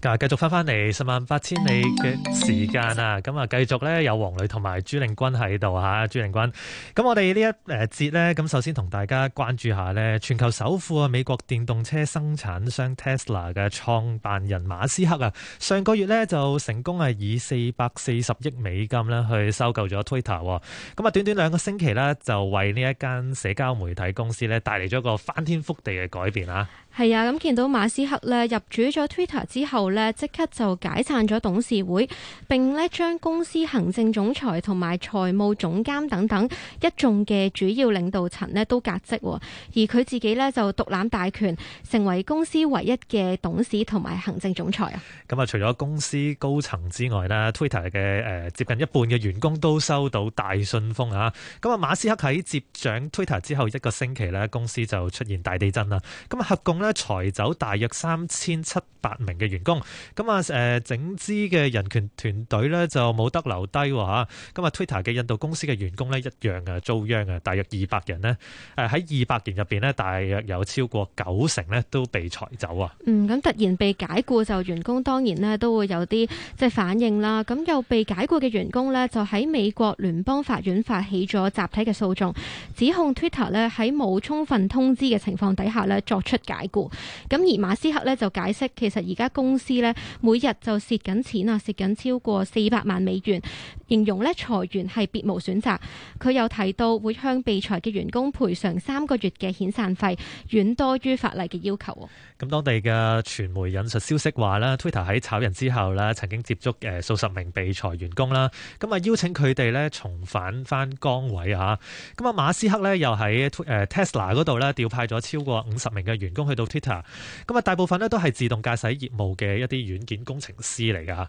咁啊，繼續翻翻嚟十萬八千里嘅時間啊！咁啊，繼續咧有黃磊同埋朱令軍喺度嚇，朱令軍。咁我哋呢一誒節咧，咁首先同大家關注下咧，全球首富啊，美國電動車生產商 Tesla 嘅創辦人馬斯克啊，上個月咧就成功係以四百四十億美金咧去收購咗 Twitter。咁啊，短短兩個星期咧就為呢一間社交媒體公司咧帶嚟咗個翻天覆地嘅改變啊！係啊，咁見到馬斯克咧入主咗 Twitter 之後。咧即刻就解散咗董事會，並咧將公司行政總裁同埋財務總監等等一眾嘅主要領導層咧都革職，而佢自己咧就獨攬大權，成為公司唯一嘅董事同埋行政總裁啊！咁啊，除咗公司高層之外咧，Twitter 嘅誒接近一半嘅員工都收到大信封啊！咁啊，馬斯克喺接掌 Twitter 之後一個星期咧，公司就出現大地震啦！咁啊，合共咧裁走大約三千七百名嘅員工。咁、嗯、啊，誒整支嘅人權團隊呢就冇得留低喎嚇。咁啊 Twitter 嘅印度公司嘅員工呢一樣啊，遭殃啊，大約二百人呢。誒喺二百人入邊呢，大約有超過九成呢都被裁走啊。嗯，咁突然被解雇就員工當然呢都會有啲即係反應啦。咁又被解雇嘅員工呢，就喺美國聯邦法院發起咗集體嘅訴訟，指控 Twitter 呢喺冇充分通知嘅情況底下呢作出解雇。咁而馬斯克呢，就解釋，其實而家公司。知咧，每日就蝕緊錢啊，蝕緊超過四百萬美元。形容咧裁員係別無選擇。佢又提到會向被裁嘅員工賠償三個月嘅遣散費，遠多於法例嘅要求。咁當地嘅傳媒引述消息話咧，Twitter 喺炒人之後咧，曾經接觸誒數十名被裁員工啦。咁啊，邀請佢哋咧重返翻崗位啊。咁啊，馬斯克咧又喺誒 Tesla 嗰度咧調派咗超過五十名嘅員工去到 Twitter。咁啊，大部分咧都係自動駕駛業務嘅。一啲軟件工程師嚟㗎，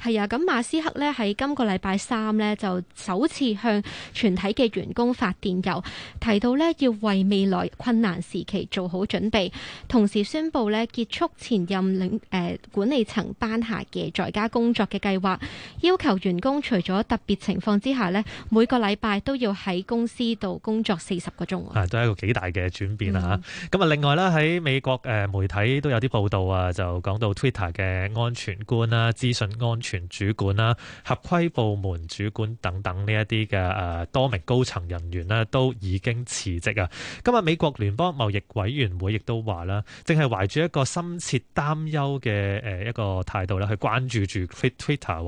係啊！咁馬斯克呢喺今個禮拜三呢就首次向全體嘅員工發電郵，提到呢要為未來困難時期做好準備，同時宣布呢結束前任領誒管理層班下嘅在家工作嘅計劃，要求員工除咗特別情況之下呢，每個禮拜都要喺公司度工作四十個鐘啊！都係一個幾大嘅轉變啊！咁、嗯、啊，另外呢喺美國誒媒體都有啲報道啊，就講到 Twitter 嘅安全官啦、資訊安全主管啦、合規部門主管等等呢一啲嘅誒多名高層人員呢，都已經辭職啊！今日美國聯邦貿易委員會亦都話啦，正係懷住一個深切擔憂嘅誒一個態度咧，去關注住 Twitter。咁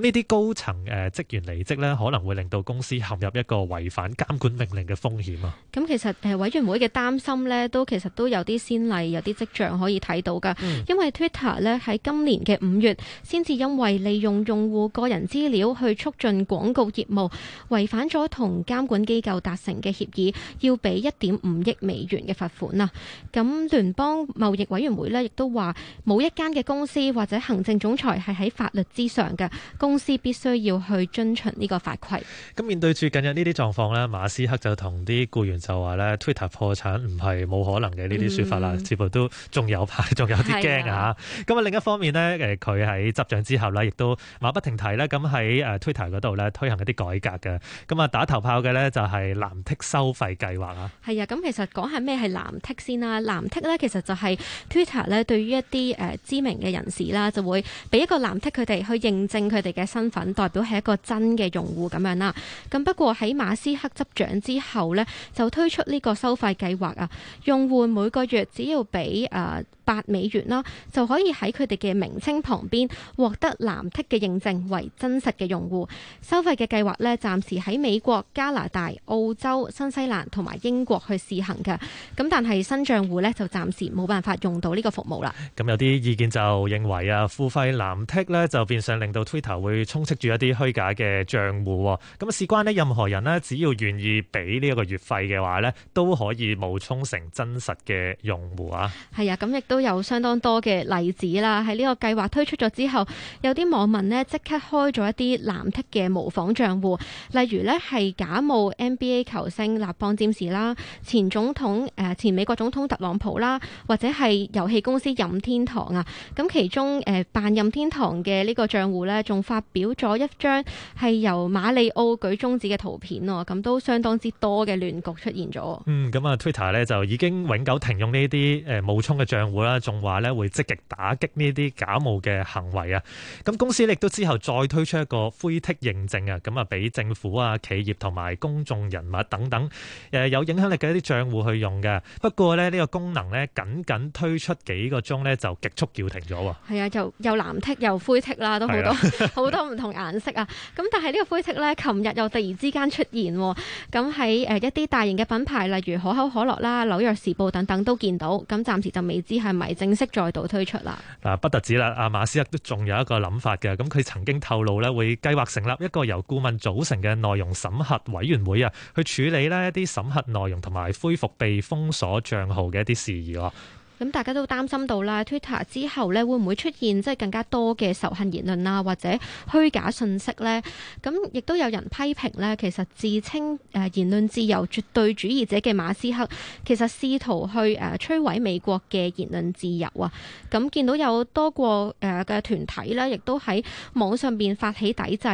呢啲高層誒職員離職咧，可能會令到公司陷入一個違反監管命令嘅風險啊！咁其實誒委員會嘅擔心咧，都其實都有啲先例，有啲跡象可以睇到噶、嗯，因為 Twitter 咧。喺今年嘅五月，先至因為利用用戶個人資料去促進廣告業務違反咗同監管機構達成嘅協議，要俾一點五億美元嘅罰款啊。咁聯邦貿易委員會咧，亦都話冇一間嘅公司或者行政總裁係喺法律之上嘅公司，必須要去遵循呢個法規。咁面對住近日呢啲狀況咧，馬斯克就同啲僱員就話咧，Twitter 破產唔係冇可能嘅呢啲說法啦，嗯，似乎都仲有排仲有啲驚嚇。咁另外一方面呢，誒佢喺執掌之後呢，亦都馬不停蹄咧，咁喺誒 Twitter 度咧推行一啲改革嘅。咁啊，打頭炮嘅呢就係藍剔收費計劃啊。係啊，咁其實講下咩係藍剔先啦？藍剔呢其實就係 Twitter 呢對於一啲誒知名嘅人士啦，就會俾一個藍剔佢哋去認證佢哋嘅身份，代表係一個真嘅用戶咁樣啦。咁不過喺馬斯克執掌之後呢，就推出呢個收費計劃啊，用戶每個月只要俾誒八美元啦，就可以喺佢。佢哋嘅名稱旁邊獲得藍剔嘅認證，為真實嘅用戶。收費嘅計劃咧，暫時喺美國、加拿大、澳洲、新西蘭同埋英國去試行嘅。咁但係新賬戶咧就暫時冇辦法用到呢個服務啦。咁有啲意見就認為啊，付費藍剔咧就變相令到 Twitter 會充斥住一啲虛假嘅賬戶。咁事關咧，任何人咧，只要願意俾呢一個月費嘅話咧，都可以冒充成真實嘅用戶啊。係啊，咁亦都有相當多嘅例子。啦，喺呢個計劃推出咗之後，有啲網民咧即刻開咗一啲藍剔嘅模仿帳戶，例如咧係假冒 NBA 球星立邦占士啦、前總統誒前美國總統特朗普啦，或者係遊戲公司任天堂啊。咁其中誒扮、呃、任天堂嘅呢個帳戶呢，仲發表咗一張係由馬里奧舉中指嘅圖片咯，咁都相當之多嘅亂局出現咗。嗯，咁啊，Twitter 呢，就已經永久停用呢啲誒冒充嘅帳戶啦，仲話咧會積極打擊。呢啲假冒嘅行為啊，咁公司亦都之後再推出一個灰剔認證啊，咁啊俾政府啊、企業同埋公眾人物等等，誒有影響力嘅一啲賬戶去用嘅。不過呢，呢個功能呢，僅僅推出幾個鐘呢，就極速叫停咗喎。係啊，又藍剔、又灰剔啦，都好多好多唔同顏色啊。咁 但係呢個灰剔呢，琴日又突然之間出現喎。咁喺誒一啲大型嘅品牌，例如可口可樂啦、紐約時報等等都見到。咁暫時就未知係咪正式再度推出啦？啊，不得止啦，阿馬斯克都仲有一個諗法嘅。咁佢曾經透露咧，會計劃成立一個由顧問組成嘅內容審核委員會啊，去處理呢一啲審核內容同埋恢復被封鎖帳號嘅一啲事宜喎。咁大家都擔心到啦，Twitter 之後咧會唔會出現即係更加多嘅仇恨言論啊，或者虛假信息呢？咁亦都有人批評呢。其實自稱誒言論自由絕對主義者嘅馬斯克，其實試圖去誒摧毀美國嘅言論自由啊！咁見到有多個誒嘅、呃、團體咧，亦都喺網上邊發起抵制，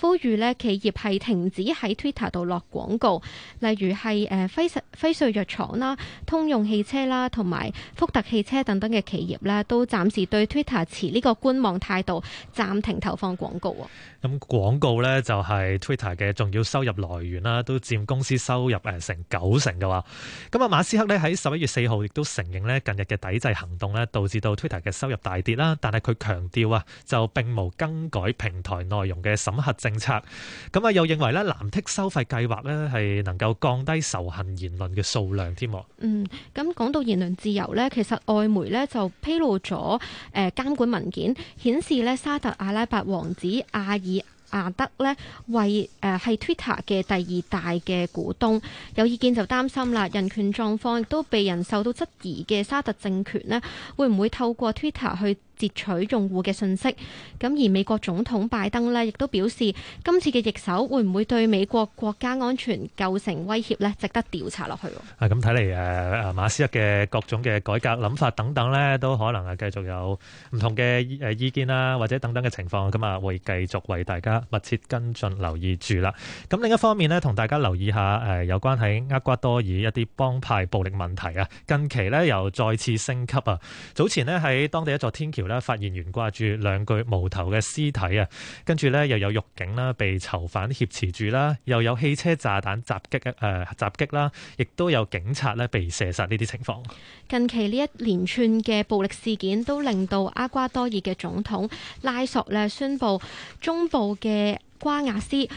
呼籲咧企業係停止喺 Twitter 度落廣告，例如係誒輝瑞輝瑞藥廠啦、通用汽車啦，同埋。福特汽車等等嘅企業咧，都暫時對 Twitter 持呢個觀望態度，暫停投放廣告啊。咁廣告咧就係 Twitter 嘅重要收入來源啦，都佔公司收入誒成九成嘅話。咁啊，馬斯克咧喺十一月四號亦都承認咧，近日嘅抵制行動咧導致到 Twitter 嘅收入大跌啦。但係佢強調啊，就並冇更改平台內容嘅審核政策。咁啊，又認為咧藍剔收費計劃咧係能夠降低仇恨言論嘅數量添。嗯，咁講到言論自由咧。其實外媒咧就披露咗，誒、呃、監管文件顯示咧，沙特阿拉伯王子阿爾阿德咧為誒係、呃、Twitter 嘅第二大嘅股東，有意見就擔心啦，人權狀況亦都被人受到質疑嘅沙特政權咧，會唔會透過 Twitter 去截取用戶嘅信息，咁而美國總統拜登呢，亦都表示今次嘅易手會唔會對美國國家安全構成威脅呢？值得調查落去。係咁睇嚟，誒馬斯克嘅各種嘅改革諗法等等呢，都可能係繼續有唔同嘅誒意見啦，或者等等嘅情況，咁啊，會繼續為大家密切跟進留意住啦。咁另一方面呢，同大家留意一下誒有關喺厄瓜多爾一啲幫派暴力問題啊，近期呢，又再次升級啊。早前呢，喺當地一座天橋。咧發現懸掛住兩具無頭嘅屍體啊！跟住咧又有獄警啦被囚犯挾持住啦，又有汽車炸彈襲擊嘅，誒、呃、襲啦，亦都有警察咧被射殺呢啲情況。近期呢一連串嘅暴力事件都令到阿瓜多爾嘅總統拉索呢宣布中部嘅瓜瓦斯。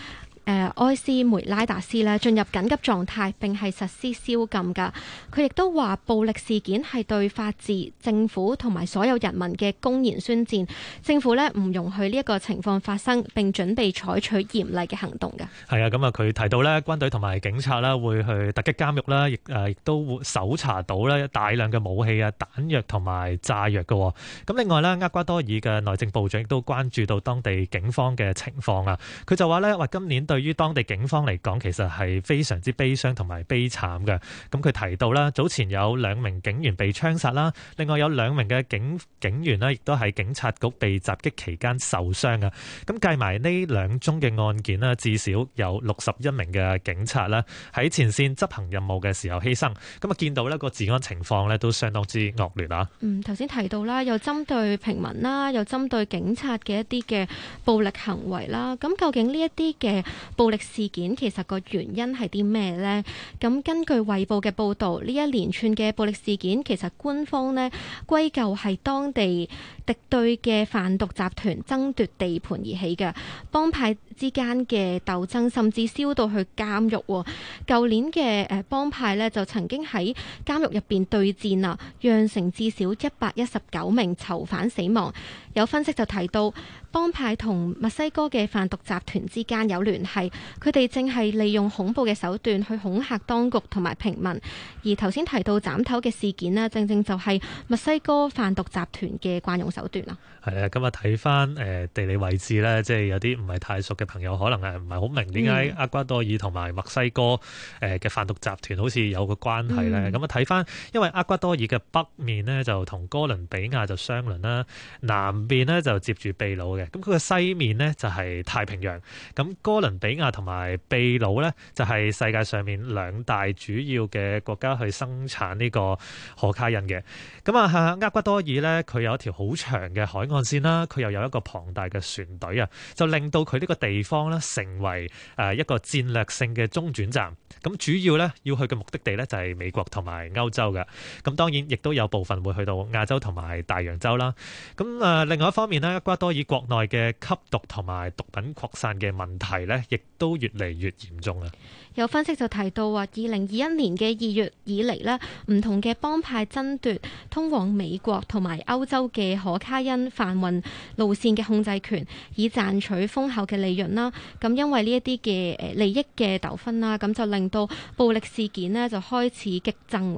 呃、埃斯梅拉達斯咧進入緊急狀態並係實施宵禁㗎。佢亦都話暴力事件係對法治、政府同埋所有人民嘅公然宣戰。政府咧唔容許呢一個情況發生，並準備採取嚴厲嘅行動㗎。係啊，咁啊，佢提到咧軍隊同埋警察啦會去突擊監獄啦，亦誒亦都會搜查到咧大量嘅武器啊、彈藥同埋炸藥㗎。咁另外咧厄瓜多爾嘅內政部長亦都關注到當地警方嘅情況啊。佢就話咧話今年。對於當地警方嚟講，其實係非常之悲傷同埋悲慘嘅。咁佢提到啦，早前有兩名警員被槍殺啦，另外有兩名嘅警警員呢，亦都喺警察局被襲擊期間受傷嘅。咁計埋呢兩宗嘅案件呢，至少有六十一名嘅警察啦，喺前線執行任務嘅時候犧牲。咁啊，見到呢個治安情況呢，都相當之惡劣啊。嗯，頭先提到啦，又針對平民啦，又針對警察嘅一啲嘅暴力行為啦。咁究竟呢一啲嘅？暴力事件其實個原因係啲咩呢？咁根據《衛報》嘅報導，呢一連串嘅暴力事件其實官方呢歸咎係當地敵對嘅販毒集團爭奪地盤而起嘅幫派之間嘅鬥爭，甚至燒到去監獄。舊年嘅誒幫派呢就曾經喺監獄入邊對戰啊，釀成至少一百一十九名囚犯死亡。有分析就提到，幫派同墨西哥嘅販毒集團之間有聯繫，佢哋正係利用恐怖嘅手段去恐嚇當局同埋平民。而頭先提到斬頭嘅事件咧，正正就係墨西哥販毒集團嘅慣用手段啊。係啊，咁啊睇翻誒地理位置咧，即係有啲唔係太熟嘅朋友，可能係唔係好明點解厄瓜多爾同埋墨西哥誒嘅販毒集團好似有個關係咧。咁啊睇翻，因為厄瓜多爾嘅北面呢，就同哥倫比亞就相鄰啦，南邊呢，就接住秘魯。咁佢嘅西面咧就係太平洋，咁哥倫比亞同埋秘魯咧就係世界上面兩大主要嘅國家去生產呢個可卡因嘅。咁啊，厄瓜多爾咧佢有一條好長嘅海岸線啦，佢又有一個龐大嘅船隊啊，就令到佢呢個地方咧成為誒一個戰略性嘅中轉站。咁主要咧要去嘅目的地咧就係美國同埋歐洲嘅。咁當然亦都有部分會去到亞洲同埋大洋洲啦。咁啊，另外一方面咧，厄瓜多爾國。內嘅吸毒同埋毒品擴散嘅問題咧，亦，都越嚟越嚴重啦。有分析就提到話，二零二一年嘅二月以嚟咧，唔同嘅幫派爭奪通往美國同埋歐洲嘅可卡因販運路線嘅控制權，以賺取豐厚嘅利潤啦。咁因為呢一啲嘅利益嘅糾紛啦，咁就令到暴力事件咧就開始激增。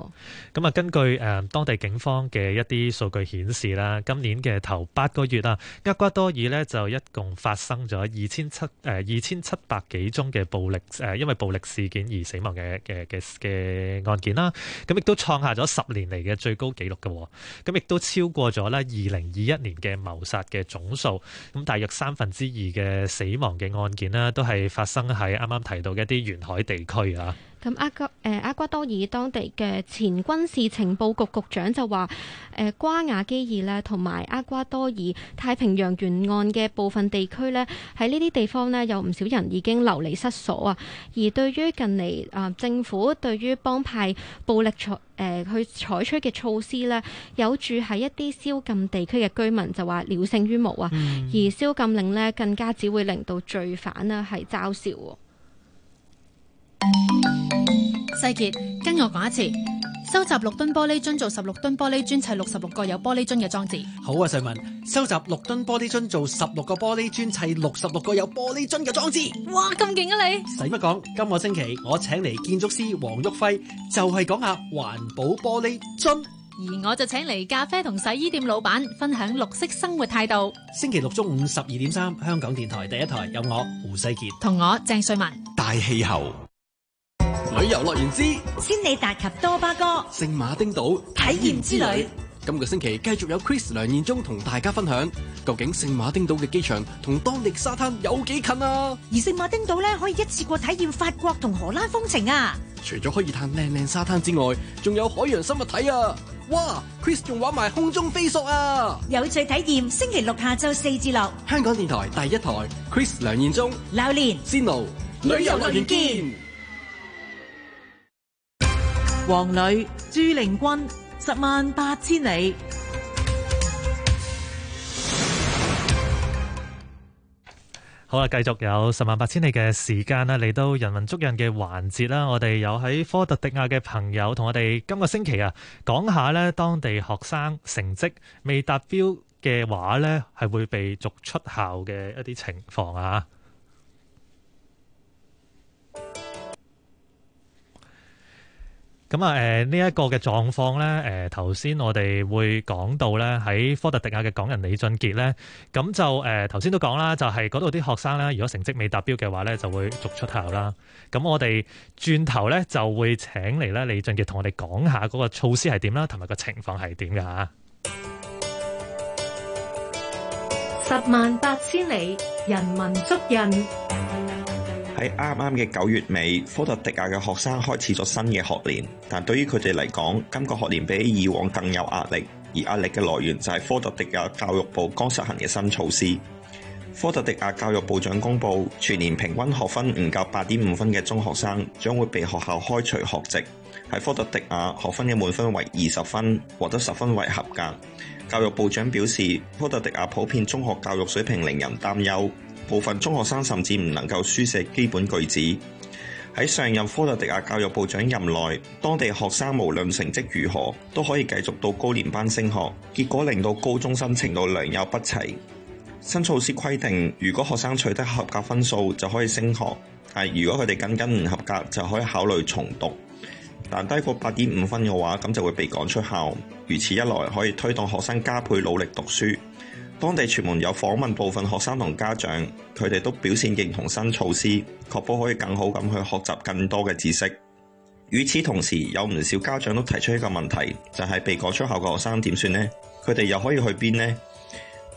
咁啊，根據誒當地警方嘅一啲數據顯示啦，今年嘅頭八個月啊，厄瓜多爾咧就一共發生咗二千七誒二千七百。幾宗嘅暴力誒，因為暴力事件而死亡嘅嘅嘅嘅案件啦，咁亦都創下咗十年嚟嘅最高紀錄嘅，咁亦都超過咗咧二零二一年嘅謀殺嘅總數，咁大約三分之二嘅死亡嘅案件啦，都係發生喺啱啱提到嘅一啲沿海地區啊。咁厄瓜誒厄瓜多爾當地嘅前軍事情報局局長就話：誒、呃、瓜瓦基爾咧，同埋厄瓜多爾太平洋沿岸嘅部分地區咧，喺呢啲地方咧有唔少人已經流離失所啊！而對於近嚟啊、呃、政府對於幫派暴力採誒、呃、去採取嘅措施咧，有住係一啲宵禁地區嘅居民就話：聊勝於無啊、嗯！而宵禁令咧，更加只會令到罪犯咧係嘲笑。.世杰，跟我講一次，收集六噸玻璃樽做十六噸玻璃樽砌六十六個有玻璃樽嘅裝置。好啊，瑞文，收集六噸玻璃樽做十六個玻璃樽砌六十六個有玻璃樽嘅裝置。哇，咁勁啊你！使乜講？今個星期我請嚟建築師黃旭輝，就係講下環保玻璃樽。而我就請嚟咖啡同洗衣店老闆分享綠色生活態度。星期六中午十二點三，香港電台第一台有我胡世杰，同我鄭瑞文，大氣候。旅遊樂園之千里達及多巴哥，聖馬丁島體驗之旅。今個星期繼續有 Chris 梁彥忠同大家分享，究竟聖馬丁島嘅機場同當地沙灘有幾近啊？而聖馬丁島咧可以一次過體驗法國同荷蘭風情啊！除咗可以嘆靚靚沙灘之外，仲有海洋生物睇啊！哇，Chris 仲玩埋空中飛索啊！有趣體驗，星期六下晝四至六，香港電台第一台，Chris 梁彥忠，流年之路，旅遊樂園見。王磊、朱玲君，十萬八千里。好啦，繼續有十萬八千里嘅時間啦，嚟到人文足印嘅環節啦。我哋有喺科特迪瓦嘅朋友同我哋今個星期啊，講下呢當地學生成績未達標嘅話呢係會被逐出校嘅一啲情況啊。嗯咁啊，誒，呢一個嘅狀況咧，誒，頭先我哋會講到咧，喺科特迪瓦嘅港人李俊杰咧，咁就誒，頭先都講啦，就係嗰度啲學生咧，如果成績未達標嘅話咧，就會逐出校啦。咁我哋轉頭咧就會請嚟咧李俊杰同我哋講下嗰個措施係點啦，同埋個情況係點㗎吓。十萬八千里，人文足印。喺啱啱嘅九月尾，科特迪瓦嘅學生開始咗新嘅學年，但對於佢哋嚟講，今、這個學年比起以往更有壓力，而壓力嘅來源就係科特迪瓦教育部剛實行嘅新措施。科特迪瓦教育部長公布，全年平均學分唔夠八點五分嘅中學生將會被學校開除學籍。喺科特迪瓦，學分嘅滿分為二十分，獲得十分為合格。教育部長表示，科特迪瓦普遍中學教育水平令人擔憂。部分中學生甚至唔能夠書寫基本句子。喺上任科特迪亞教育部長任內，當地學生無論成績如何都可以繼續到高年班升學，結果令到高中生程度良莠不齊。新措施規定，如果學生取得合格分數就可以升學，但如果佢哋僅僅唔合格就可以考慮重讀，但低過八點五分嘅話咁就會被趕出校。如此一來，可以推動學生加倍努力讀書。當地傳媒有訪問部分學生同家長，佢哋都表現認同新措施，確保可以更好咁去學習更多嘅知識。與此同時，有唔少家長都提出一個問題，就係被趕出校嘅學生點算呢？佢哋又可以去邊呢？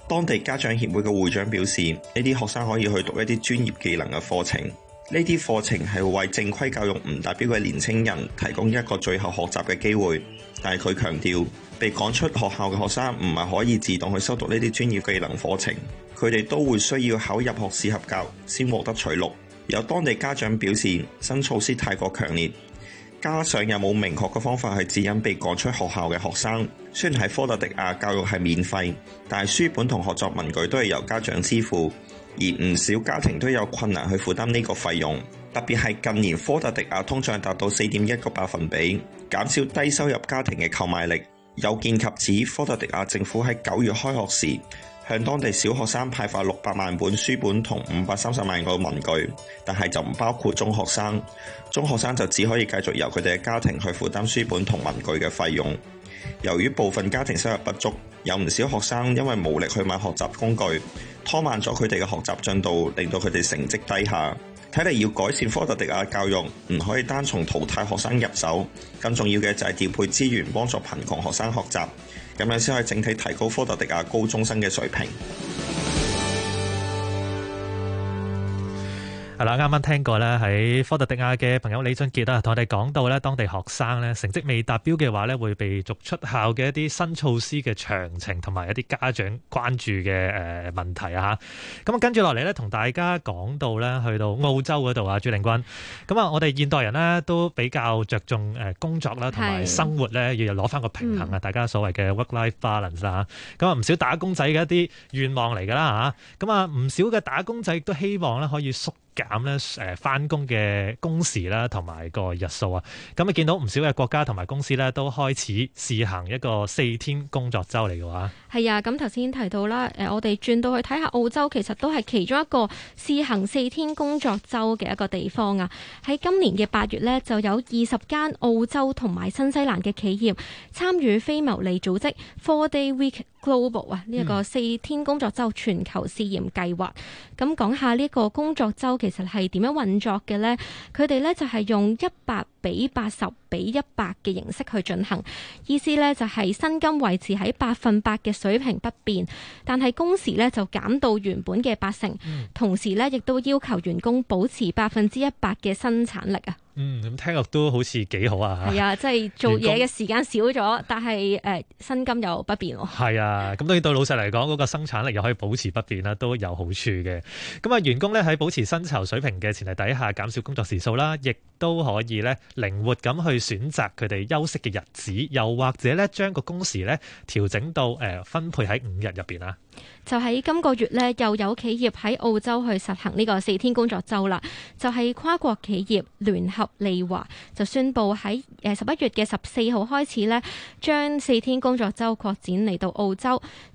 當地家長協會嘅會長表示，呢啲學生可以去讀一啲專業技能嘅課程。呢啲課程係為正規教育唔達標嘅年青人提供一個最後學習嘅機會，但係佢強調，被趕出學校嘅學生唔係可以自動去修讀呢啲專業技能課程，佢哋都會需要考入學試合格先獲得取錄。有當地家長表示，新措施太過強烈，加上有冇明確嘅方法去指引被趕出學校嘅學生。雖然喺科特迪瓦教育係免費，但係書本同學習文具都係由家長支付。而唔少家庭都有困難去負擔呢個費用，特別係近年科特迪瓦通脹達到四點一個百分比，減少低收入家庭嘅購買力。有見及此，科特迪瓦政府喺九月開學時，向當地小學生派發六百萬本書本同五百三十萬個文具，但係就唔包括中學生。中學生就只可以繼續由佢哋嘅家庭去負擔書本同文具嘅費用。由於部分家庭收入不足，有唔少學生因為無力去買學習工具。拖慢咗佢哋嘅學習進度，令到佢哋成績低下。睇嚟要改善科特迪瓦教育，唔可以單從淘汰學生入手，更重要嘅就係調配資源，幫助貧窮學生學習，咁樣先可以整體提高科特迪瓦高中生嘅水平。啦，啱啱聽過咧，喺科特迪瓦嘅朋友李俊傑啊，同我哋講到咧，當地學生咧成績未達標嘅話咧，會被逐出校嘅一啲新措施嘅詳情，同埋一啲家長關注嘅誒問題啊嚇。咁啊，跟住落嚟咧，同大家講到咧，去到澳洲嗰度啊，朱令君。咁啊，我哋現代人咧都比較著重誒工作啦，同埋生活咧要攞翻個平衡啊。大家所謂嘅 work-life balance 啊，咁啊，唔少打工仔嘅一啲願望嚟噶啦嚇。咁啊，唔少嘅打工仔亦都希望咧可以縮減咧誒翻工嘅工時啦，同埋個日數啊，咁啊見到唔少嘅國家同埋公司咧都開始試行一個四天工作週嚟嘅話，係啊，咁頭先提到啦，誒我哋轉到去睇下澳洲，其實都係其中一個試行四天工作週嘅一個地方啊。喺今年嘅八月呢，就有二十間澳洲同埋新西蘭嘅企業參與非牟利組織 Four Day Week。Global 啊，呢一個四天工作週全球試驗計劃。咁講下呢一個工作週其實係點樣運作嘅呢？佢哋呢就係用一百比八十比一百嘅形式去進行，意思呢就係薪金維持喺百分百嘅水平不變，但係工時呢就減到原本嘅八成，同時呢亦都要求員工保持百分之一百嘅生產力啊。嗯，咁聽落都好似幾好啊。係啊，即係做嘢嘅時間少咗，但係誒薪金又不變。係啊，咁當然對老細嚟講，嗰個生產力又可以保持不變啦，都有好處嘅。咁啊，員工咧喺保持薪酬水平嘅前提底下，減少工作時數啦，亦都可以咧靈活咁去選擇佢哋休息嘅日子，又或者咧將個工時咧調整到誒分配喺五日入邊啦就喺今個月呢，又有企業喺澳洲去實行呢個四天工作周啦。就係跨國企業聯合利華就宣布喺誒十一月嘅十四號開始呢，將四天工作周擴展嚟到澳洲。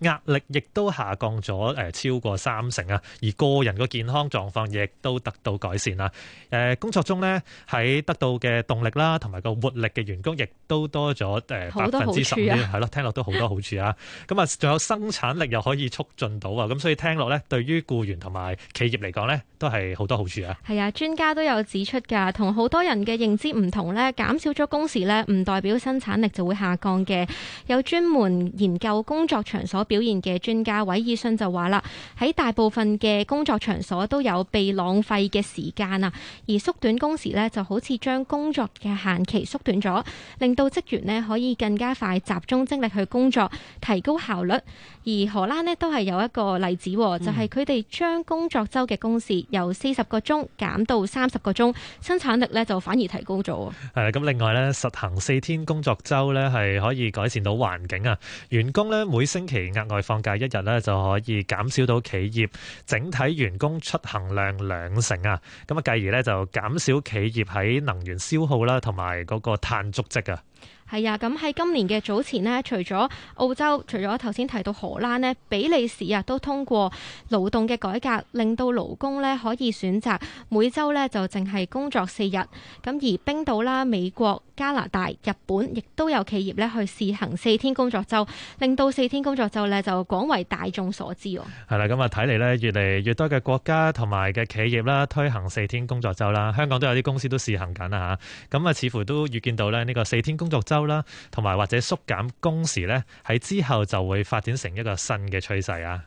壓力亦都下降咗誒超過三成啊，而個人個健康狀況亦都得到改善啦。誒工作中呢，喺得到嘅動力啦，同埋個活力嘅員工亦都多咗誒百分之十咧，係咯，聽落都好多好處啊。咁啊，仲 有生產力又可以促進到啊，咁所以聽落呢，對於僱員同埋企業嚟講呢，都係好多好處啊。係啊，專家都有指出㗎，同好多人嘅認知唔同呢，減少咗工時呢，唔代表生產力就會下降嘅。有專門研究工作場。場所表現嘅專家韋爾遜就話啦，喺大部分嘅工作場所都有被浪費嘅時間啊，而縮短工時咧就好似將工作嘅限期縮短咗，令到職員咧可以更加快集中精力去工作，提高效率。而荷蘭咧都係有一個例子，就係佢哋將工作周嘅工時由四十個鐘減到三十個鐘，生產力咧就反而提高咗。係咁，另外咧實行四天工作周咧係可以改善到環境啊，員工咧每星。其額外放假一日咧就可以減少到企業整體員工出行量兩成啊，咁啊繼而咧就減少企業喺能源消耗啦同埋嗰個碳足跡啊。係啊，咁喺今年嘅早前呢，除咗澳洲，除咗頭先提到荷蘭呢，比利時啊都通過勞動嘅改革，令到勞工呢可以選擇每周呢就淨係工作四日。咁而冰島啦、美國、加拿大、日本，亦都有企業呢去試行四天工作周，令到四天工作周呢就廣為大眾所知。係啦，咁啊睇嚟呢，越嚟越多嘅國家同埋嘅企業啦推行四天工作周啦，香港都有啲公司都試行緊啊吓。咁啊，似乎都預見到呢呢個四天工工作周啦，同埋或者縮減工時咧，喺之後就會發展成一個新嘅趨勢啊。